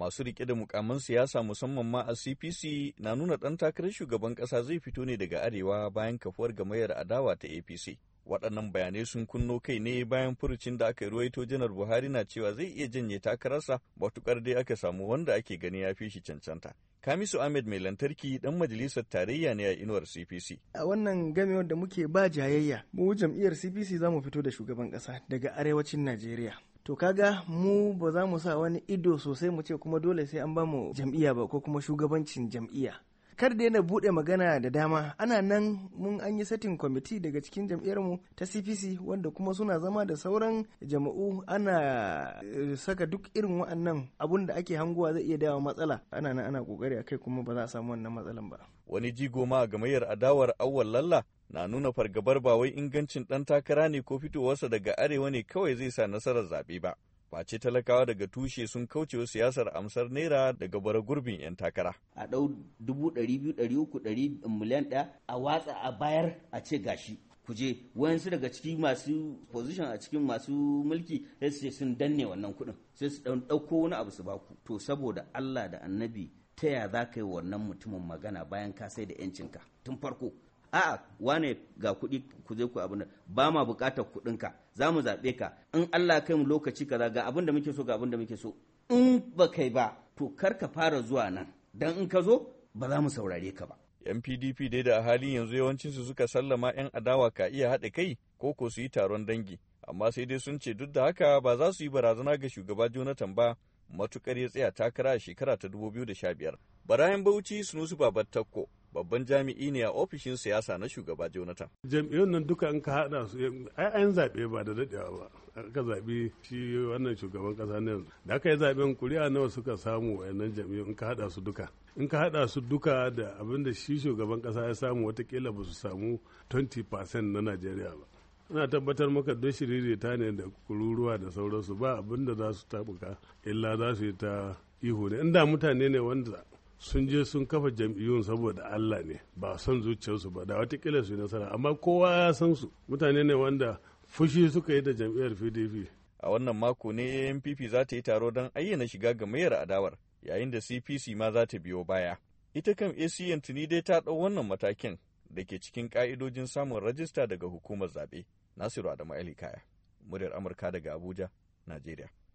masu riƙe da mukamin siyasa musamman ma a CPC na nuna ɗan takarar shugaban ƙasa zai fito ne daga arewa bayan kafuwar gamayyar adawa ta APC. waɗannan bayanai sun kunno kai ne bayan furucin da aka ruwaito janar buhari na cewa zai iya janye takararsa matukar dai aka samu wanda ake gani ya fi shi cancanta kamisu ahmed mai lantarki dan majalisar tarayya ne a inuwar cpc a wannan gamewar da muke ba jayayya mu jam'iyyar cpc za mu fito da shugaban ƙasa daga arewacin najeriya to kaga mu ba za mu sa wani ido sosai mu ce kuma dole sai an ba mu jam'iyya ba ko kuma shugabancin jam'iyya kar da yana bude magana da dama ana nan mun an yi satin kwamiti daga cikin mu ta cpc wanda kuma suna zama da sauran jama'u ana eh, saka duk irin wa'annan abun da ake hanguwa zai iya dawo matsala ana nan ana kokari akai kuma ba za a samu wannan matsalan ba wani jigo ma a gamayyar adawar awwal lalla na nuna fargabar ba wai ingancin ɗan takara ne ko fitowarsa daga arewa ne kawai zai sa nasarar zaɓe ba face talakawa daga tushe sun kaucewa siyasar amsar naira daga bara gurbin 'yan takara. A ɗau dubu ɗari biyu ɗari uku ɗari miliyan ɗaya a watsa a bayar a ce gashi. kuje wayansu daga ciki masu position a cikin masu mulki sai su sun danne wannan kuɗin sai su ɗauko wani abu su baku to saboda Allah da annabi ta ya za ka yi wannan mutumin magana bayan ka sai da 'yancinka tun farko a'a wane ga kuɗi ku je ku abin ba ma buƙatar kuɗinka za mu zaɓe ka in Allah kai mu lokaci kaza ga abin da muke so ga abin da muke so in ba kai ba to kar ka fara zuwa nan dan in ka zo ba za mu saurare ka ba yan PDP dai da halin yanzu yawancin su suka sallama yan adawa ka iya haɗa kai ko ko su yi taron dangi amma sai dai sun ce duk da haka ba za su yi barazana ga shugaba Jonathan ba matukar ya tsaya takara a shekara ta 2015 Barayin Bauchi Sunusu Babattakko babban jami'i ne a ofishin siyasa na shugaba jonathan jam'iyyun nan duka an ka hada su ai an zaɓe ba da dadewa ba aka zaɓi shi wannan shugaban ƙasa na yanzu da aka yi zaɓen kuri'a nawa suka samu wayannan jam'iyyun in ka hada su duka in ka hada su duka da abin da shi shugaban ƙasa ya samu watakila ba su samu 20% na najeriya ba ina tabbatar maka don shiririta ne da kururuwa da sauransu ba abin da za su tabuka illa za su yi ta ihu ne inda mutane ne wanda sun je sun kafa jam'iyyun saboda Allah ne ba son zuciyarsu ba da watakila su nasara amma kowa ya san su mutane ne wanda fushi suka yi da jam'iyyar PDP. A wannan mako ne npp za ta yi taro don ayyana shiga ga mayar adawar yayin da CPC ma za ta biyo baya. Ita kan ACN tuni dai ta ɗau wannan matakin da ke cikin ƙa'idojin samun rajista daga hukumar zaɓe. Nasiru Adamu Ali Kaya, muryar Amurka daga Abuja, Najeriya.